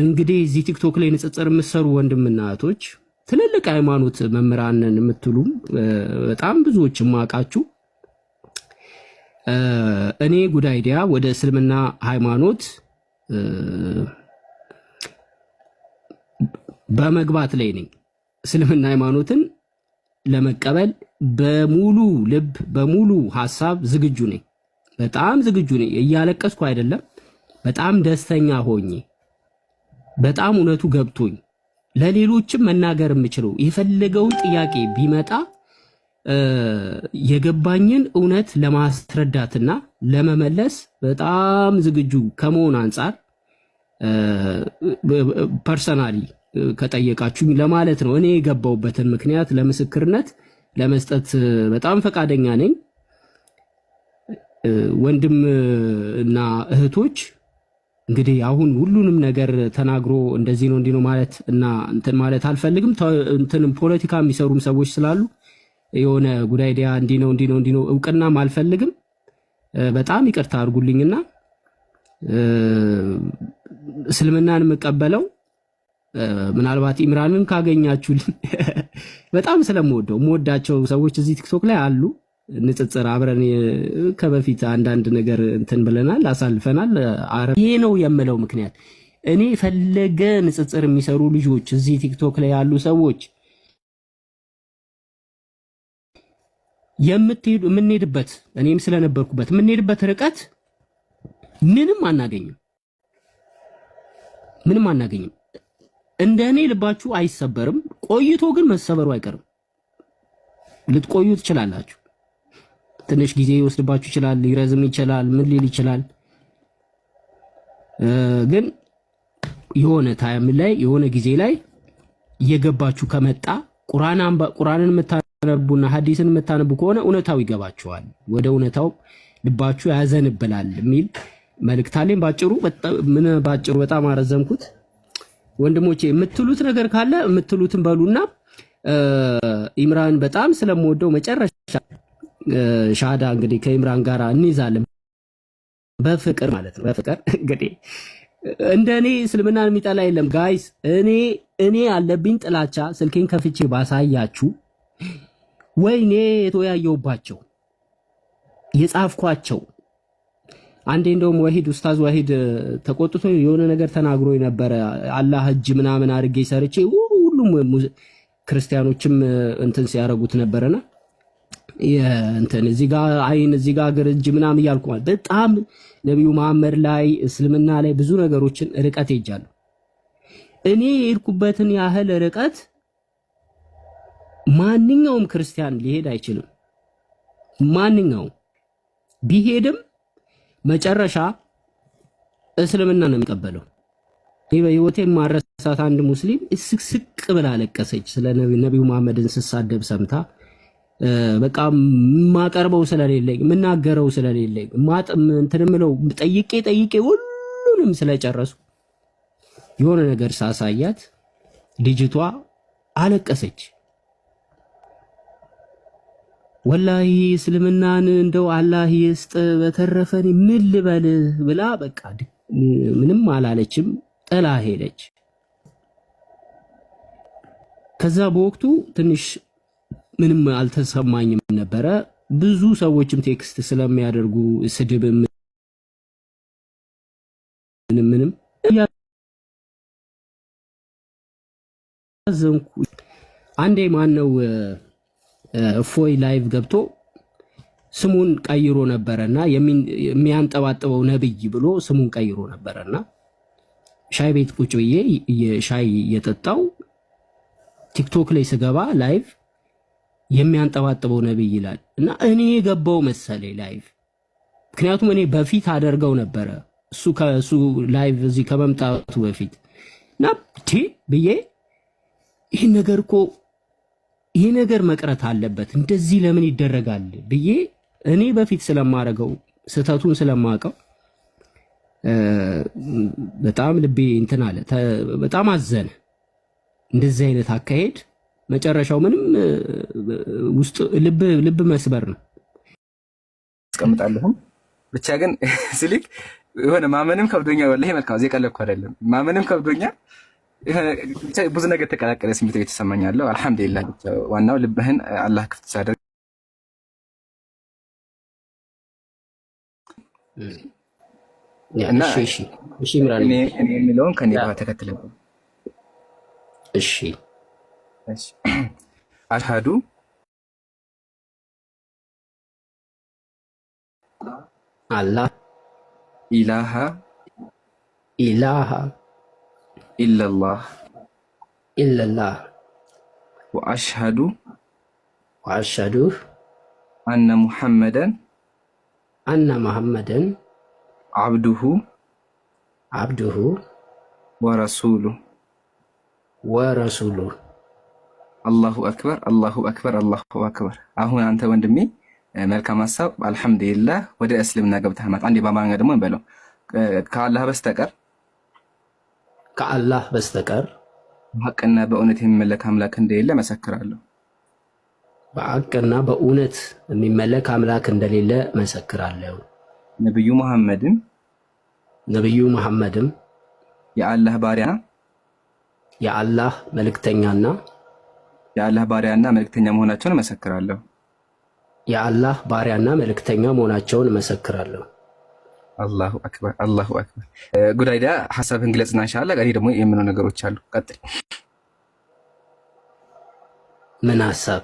እንግዲህ እዚህ ቲክቶክ ላይ ንጽጽር የምትሰሩ ወንድምና እህቶች ትልልቅ ሃይማኖት መምህራንን የምትሉ በጣም ብዙዎች ማቃችሁ እኔ ጉዳይዲያ ወደ እስልምና ሃይማኖት በመግባት ላይ ነኝ። እስልምና ሃይማኖትን ለመቀበል በሙሉ ልብ በሙሉ ሀሳብ ዝግጁ ነኝ። በጣም ዝግጁ ነኝ። እያለቀስኩ አይደለም፣ በጣም ደስተኛ ሆኜ በጣም እውነቱ ገብቶኝ ለሌሎችም መናገር የምችለው የፈለገውን ጥያቄ ቢመጣ የገባኝን እውነት ለማስረዳትና ለመመለስ በጣም ዝግጁ ከመሆን አንጻር ፐርሰናሊ ከጠየቃችሁኝ ለማለት ነው። እኔ የገባውበትን ምክንያት ለምስክርነት ለመስጠት በጣም ፈቃደኛ ነኝ። ወንድም እና እህቶች እንግዲህ አሁን ሁሉንም ነገር ተናግሮ እንደዚህ ነው እንዲህ ነው ማለት እና እንትን ማለት አልፈልግም። እንትንም ፖለቲካ የሚሰሩም ሰዎች ስላሉ የሆነ ጉዳይ ዲያ እንዲህ ነው እንዲህ ነው እንዲህ ነው እውቅናም አልፈልግም። በጣም ይቅርታ አድርጉልኝና እስልምናን የምቀበለው ምናልባት ኢምራንን ካገኛችሁልኝ በጣም ስለምወደው የምወዳቸው ሰዎች እዚህ ቲክቶክ ላይ አሉ። ንጽጽር አብረን ከበፊት አንዳንድ ነገር እንትን ብለናል፣ አሳልፈናል። ይሄ ነው የምለው ምክንያት እኔ ፈለገ ንጽጽር የሚሰሩ ልጆች እዚህ ቲክቶክ ላይ ያሉ ሰዎች የምትሄዱ የምንሄድበት እኔም ስለነበርኩበት የምንሄድበት ርቀት ምንም አናገኝም፣ ምንም አናገኝም። እንደ እኔ ልባችሁ አይሰበርም። ቆይቶ ግን መሰበሩ አይቀርም። ልትቆዩ ትችላላችሁ። ትንሽ ጊዜ ይወስድባችሁ ይችላል፣ ሊረዝም ይችላል፣ ምን ሊል ይችላል። ግን የሆነ ታይም ላይ የሆነ ጊዜ ላይ እየገባችሁ ከመጣ ቁርአንን የምታነቡና ሀዲስን የምታነቡ ከሆነ እውነታው ይገባችኋል፣ ወደ እውነታው ልባችሁ ያዘንብላል የሚል መልእክት አለኝ። ባጭሩ ምን ባጭሩ በጣም አረዘምኩት። ወንድሞቼ የምትሉት ነገር ካለ የምትሉትን በሉና ኢምራን በጣም ስለምወደው መጨረሻ ሻዳ እንግዲህ ከኢምራን ጋር እንይዛለን በፍቅር ማለት ነው። በፍቅር እንግዲህ እንደ እኔ እስልምናን የሚጠላ የለም ጋይስ። እኔ እኔ አለብኝ ጥላቻ ስልኬን ከፍቼ ባሳያችሁ ወይኔ የተወያየውባቸው የጻፍኳቸው አንዴ እንደውም ወሂድ ኡስታዝ ወሂድ ተቆጥቶ የሆነ ነገር ተናግሮ የነበረ አላህ እጅ ምናምን አድርጌ ሰርቼ ሁሉም ክርስቲያኖችም እንትን ሲያደርጉት ነበረና እንትን እዚህ ጋር አይን እዚህ ጋር እግር እጅ ምናምን እያልኩ ማለት በጣም ነቢዩ መሐመድ ላይ እስልምና ላይ ብዙ ነገሮችን ርቀት ሄጃለሁ። እኔ የሄድኩበትን ያህል ርቀት ማንኛውም ክርስቲያን ሊሄድ አይችልም። ማንኛውም ቢሄድም መጨረሻ እስልምና ነው የሚቀበለው። ይህ በህይወቴ አንድ ሙስሊም ስቅስቅ ብላ አለቀሰች። ስለ ነቢዩ መሐመድን ስሳደብ ሰምታ በቃ የማቀርበው ስለሌለኝ የምናገረው ስለሌለኝ እንትን የምለው ጠይቄ ጠይቄ ሁሉንም ስለጨረሱ የሆነ ነገር ሳሳያት ልጅቷ አለቀሰች። ወላሂ እስልምናን እንደው አላህ ይስጥ በተረፈን ምን ልበል ብላ በቃ ምንም አላለችም፣ ጥላ ሄደች። ከዛ በወቅቱ ትንሽ ምንም አልተሰማኝም ነበረ። ብዙ ሰዎችም ቴክስት ስለሚያደርጉ ስድብ ምንም ምንም ያዘንኩ። አንዴ ማን ነው እፎይ ላይቭ ገብቶ ስሙን ቀይሮ ነበረና የሚያንጠባጥበው ነብይ ብሎ ስሙን ቀይሮ ነበረና ሻይ ቤት ቁጭ ብዬ ሻይ እየጠጣው ቲክቶክ ላይ ስገባ ላይቭ የሚያንጠባጥበው ነብይ ይላል እና እኔ የገባው መሰለኝ ላይቭ። ምክንያቱም እኔ በፊት አደርገው ነበረ እሱ ከእሱ ላይቭ እዚህ ከመምጣቱ በፊት እና ብዬ ይህ ነገር እኮ ይህ ነገር መቅረት አለበት፣ እንደዚህ ለምን ይደረጋል ብዬ እኔ በፊት ስለማደርገው ስህተቱን ስለማውቀው በጣም ልቤ እንትን አለ፣ በጣም አዘነ። እንደዚህ አይነት አካሄድ መጨረሻው ምንም ውስጥ ልብ ልብ መስበር ነው። አስቀምጣለሁም ብቻ ግን ስሊክ የሆነ ማመንም ከብዶኛ ወላሂ መልካም ዜ ቀለኩ አይደለም ማመንም ከብዶኛ ብዙ ነገር ተቀላቀለ ስሜት የተሰማኛለሁ። አልሐምዱሊላህ ዋናው ልብህን አላህ ክፍት ሳደርግ እና እሺ እሺ እኔ የሚለውን ከኔ ተከትለ እሺ አሽሃዱ አላ ኢላሃ ኢላሃ ኢለላህ ኢለላህ ወአሽሃዱ ወአሽሃዱ አነ ሙሐመደን አነ ሙሐመደን አብዱሁ አብዱሁ ወረሱሉ ወረሱሉ አላሁ አክበር አላሁ አክበር አላሁ አክበር። አሁን አንተ ወንድሜ መልካም ሀሳብ አልሐምዱሊላህ፣ ወደ እስልምና ገብተህ ማለት አንዴ በአማርኛ ደግሞ እንበለው ከአላህ በስተቀር ከአላህ በስተቀር በሐቅና በእውነት የሚመለክ አምላክ እንደሌለ መሰክራለሁ። በሀቅና በእውነት የሚመለክ አምላክ እንደሌለ መሰክራለሁ። ነብዩ መሐመድም ነብዩ መሐመድም የአላህ ባሪያና የአላህ መልእክተኛና የአላህ ባሪያና መልእክተኛ መሆናቸውን እመሰክራለሁ። የአላህ ባሪያና መልእክተኛ መሆናቸውን እመሰክራለሁ። አላሁ አክበር፣ አላሁ አክበር። ጉዳይዳ ሀሳብህን ግለጽና እንሻላ እኔ ደግሞ የምነው ነገሮች አሉ። ቀጥል። ምን ሀሳብ?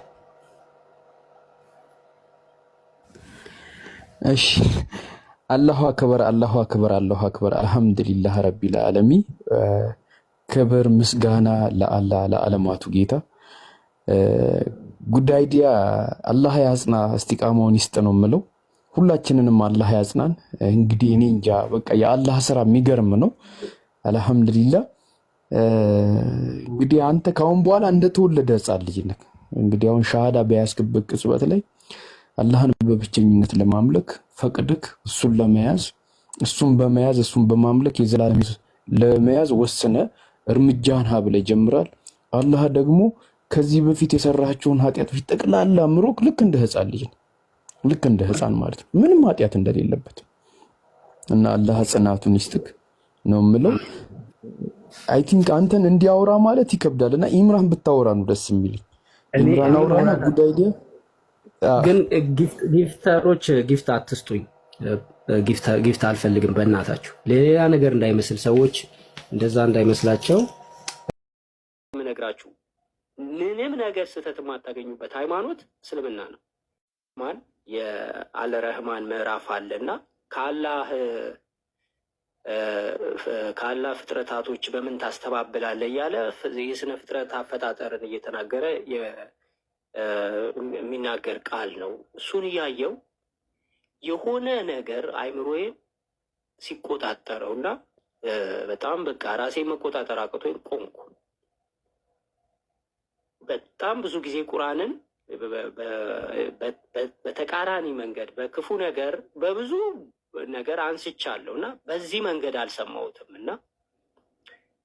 እሺ አላሁ አክበር፣ አላሁ አክበር፣ አላሁ አክበር። አልሐምዱሊላህ ረቢል ዓለሚ ክብር ምስጋና ለአላህ ለዓለማቱ ጌታ ጉድ አይዲያ አላህ ያጽና፣ እስቲቃማውን ይስጥ ነው የምለው። ሁላችንንም አላህ ያጽናን። እንግዲህ እኔ እንጃ በቃ የአላህ ስራ የሚገርም ነው። አልሐምዱሊላ እንግዲህ አንተ ካሁን በኋላ እንደተወለደ ህፃን ልጅ ነህ። እንግዲህ አሁን ሻሃዳ በያዝክበት ቅጽበት ላይ አላህን በብቸኝነት ለማምለክ ፈቅድክ እሱን ለመያዝ እሱን በመያዝ እሱን በማምለክ የዘላለም ለመያዝ ወስነ እርምጃህን ሀብለ ጀምራል። አላህ ደግሞ ከዚህ በፊት የሰራቸውን ኃጢአቶች ጠቅላላ ምሮክ ልክ እንደ ህፃን ልጅ ነው። ልክ እንደ ህፃን ማለት ነው፣ ምንም ኃጢአት እንደሌለበት እና አላህ ጽናቱን ይስጥክ ነው የምለው። አይ ቲንክ አንተን እንዲያወራ ማለት ይከብዳል እና ኢምራን ብታወራ ነው ደስ የሚል ኢምራን አውራና ጉዳይ ግን ጊፍተሮች ጊፍት አትስጡኝ። ጊፍት አልፈልግም፣ በእናታችሁ ለሌላ ነገር እንዳይመስል ሰዎች እንደዛ እንዳይመስላቸው ምነግራችሁ ምንም ነገር ስህተት የማታገኙበት ሃይማኖት እስልምና ነው። ማን የአልረህማን ምዕራፍ አለ እና ከአላህ ፍጥረታቶች በምን ታስተባብላለ እያለ የስነ ፍጥረት አፈጣጠርን እየተናገረ የሚናገር ቃል ነው። እሱን እያየው የሆነ ነገር አይምሮዬን ሲቆጣጠረው እና በጣም በቃ ራሴ መቆጣጠር አቅቶኝ ቆምኩ። በጣም ብዙ ጊዜ ቁርአንን በተቃራኒ መንገድ በክፉ ነገር በብዙ ነገር አንስቻለሁ እና በዚህ መንገድ አልሰማሁትም እና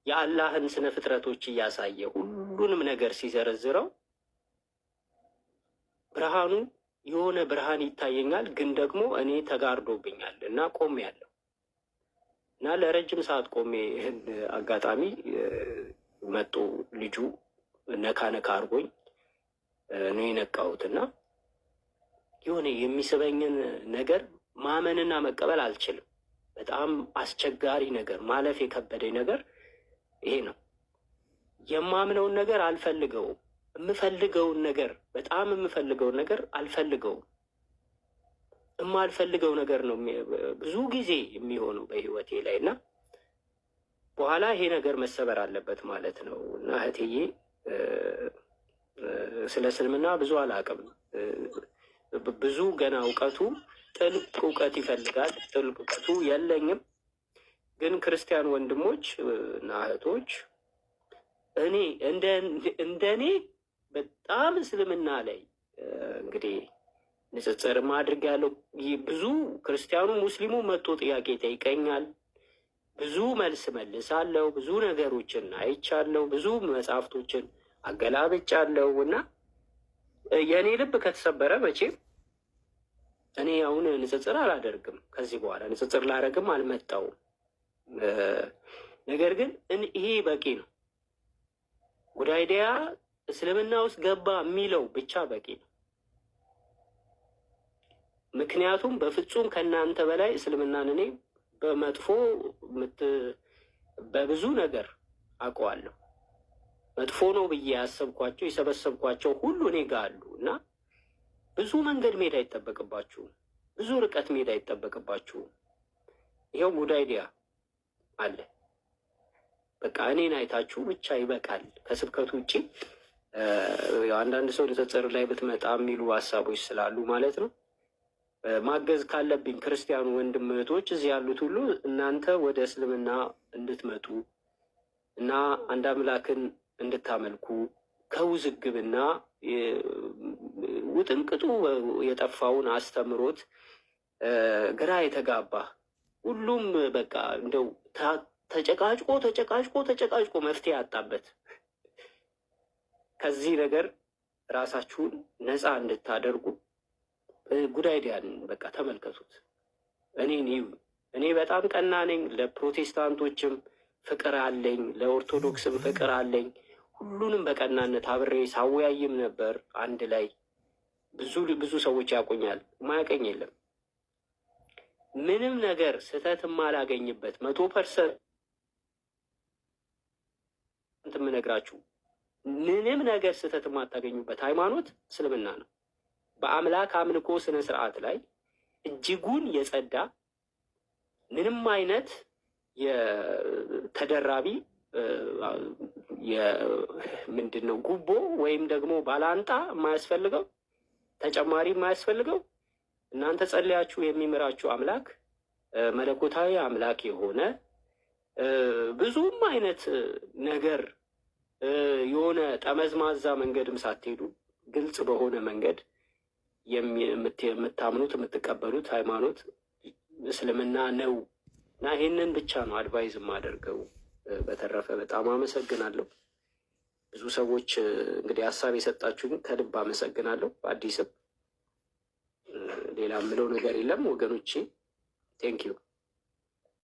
የአላህን ስነ ፍጥረቶች እያሳየ ሁሉንም ነገር ሲዘረዝረው ብርሃኑ የሆነ ብርሃን ይታየኛል፣ ግን ደግሞ እኔ ተጋርዶብኛል እና ቆም ያለው እና ለረጅም ሰዓት ቆሜ ይህን አጋጣሚ መጡ ልጁ ነካ ነካ አድርጎኝ ነው የነቃሁት እና የሆነ የሚስበኝን ነገር ማመንና መቀበል አልችልም። በጣም አስቸጋሪ ነገር፣ ማለፍ የከበደኝ ነገር ይሄ ነው። የማምነውን ነገር አልፈልገውም። የምፈልገውን ነገር በጣም የምፈልገውን ነገር አልፈልገውም። የማልፈልገው ነገር ነው ብዙ ጊዜ የሚሆነው በህይወቴ ላይ እና በኋላ ይሄ ነገር መሰበር አለበት ማለት ነው እና እህትዬ ስለ እስልምና ብዙ አላውቅም። ብዙ ገና እውቀቱ ጥልቅ እውቀት ይፈልጋል። ጥልቅ እውቀቱ የለኝም። ግን ክርስቲያን ወንድሞች እና እህቶች እኔ እንደ እኔ በጣም እስልምና ላይ እንግዲህ ንጽጽር ማድርግ ያለው ብዙ ክርስቲያኑ ሙስሊሙ መጥቶ ጥያቄ ይጠይቀኛል። ብዙ መልስ መልሳለሁ፣ ብዙ ነገሮችን አይቻለሁ፣ ብዙ መጽሐፍቶችን አገላብጫለሁ እና የእኔ ልብ ከተሰበረ መቼም እኔ አሁን ንጽጽር አላደርግም። ከዚህ በኋላ ንጽጽር ላደርግም አልመጣውም። ነገር ግን ይሄ በቂ ነው። ጉድ አይዲያ እስልምና ውስጥ ገባ የሚለው ብቻ በቂ ነው። ምክንያቱም በፍጹም ከእናንተ በላይ እስልምናን እኔ በመጥፎ በብዙ ነገር አውቀዋለሁ። መጥፎ ነው ብዬ ያሰብኳቸው የሰበሰብኳቸው ሁሉ እኔ ጋ አሉ እና ብዙ መንገድ መሄድ አይጠበቅባችሁም። ብዙ ርቀት መሄድ አይጠበቅባችሁም። ይኸው ጉድ አይዲያ አለ። በቃ እኔን አይታችሁ ብቻ ይበቃል። ከስብከቱ ውጭ አንዳንድ ሰው ንጽጽር ላይ ብትመጣ የሚሉ ሀሳቦች ስላሉ ማለት ነው። ማገዝ ካለብኝ ክርስቲያኑ ወንድም እህቶች እዚህ ያሉት ሁሉ እናንተ ወደ እስልምና እንድትመጡ እና አንድ አምላክን እንድታመልኩ ከውዝግብና ውጥንቅጡ የጠፋውን አስተምሮት ግራ የተጋባ ሁሉም በቃ እንደው ተጨቃጭቆ ተጨቃጭቆ ተጨቃጭቆ መፍትሄ ያጣበት ከዚህ ነገር ራሳችሁን ነፃ እንድታደርጉ ጉዳይ ዲያን በቃ ተመልከቱት። እኔን ይዩ። እኔ በጣም ቀና ነኝ። ለፕሮቴስታንቶችም ፍቅር አለኝ፣ ለኦርቶዶክስም ፍቅር አለኝ። ሁሉንም በቀናነት አብሬ ሳወያይም ነበር። አንድ ላይ ብዙ ብዙ ሰዎች ያቆኛል፣ ማያቀኝ የለም። ምንም ነገር ስህተት የማላገኝበት መቶ ፐርሰንት የምነግራችሁ ምንም ነገር ስህተት የማታገኙበት ሃይማኖት እስልምና ነው። በአምላክ አምልኮ ስነ ስርዓት ላይ እጅጉን የጸዳ ምንም አይነት የተደራቢ ምንድን ነው ጉቦ ወይም ደግሞ ባላንጣ የማያስፈልገው ተጨማሪ የማያስፈልገው እናንተ ጸልያችሁ የሚምራችሁ አምላክ መለኮታዊ አምላክ የሆነ ብዙም አይነት ነገር የሆነ ጠመዝማዛ መንገድም ሳትሄዱ ግልጽ በሆነ መንገድ የምታምኑት የምትቀበሉት ሃይማኖት እስልምና ነው እና ይህንን ብቻ ነው አድቫይዝ የማደርገው። በተረፈ በጣም አመሰግናለሁ። ብዙ ሰዎች እንግዲህ ሀሳብ የሰጣችሁኝ ከልብ አመሰግናለሁ። አዲስም ሌላ የምለው ነገር የለም ወገኖቼ፣ ቴንኪዩ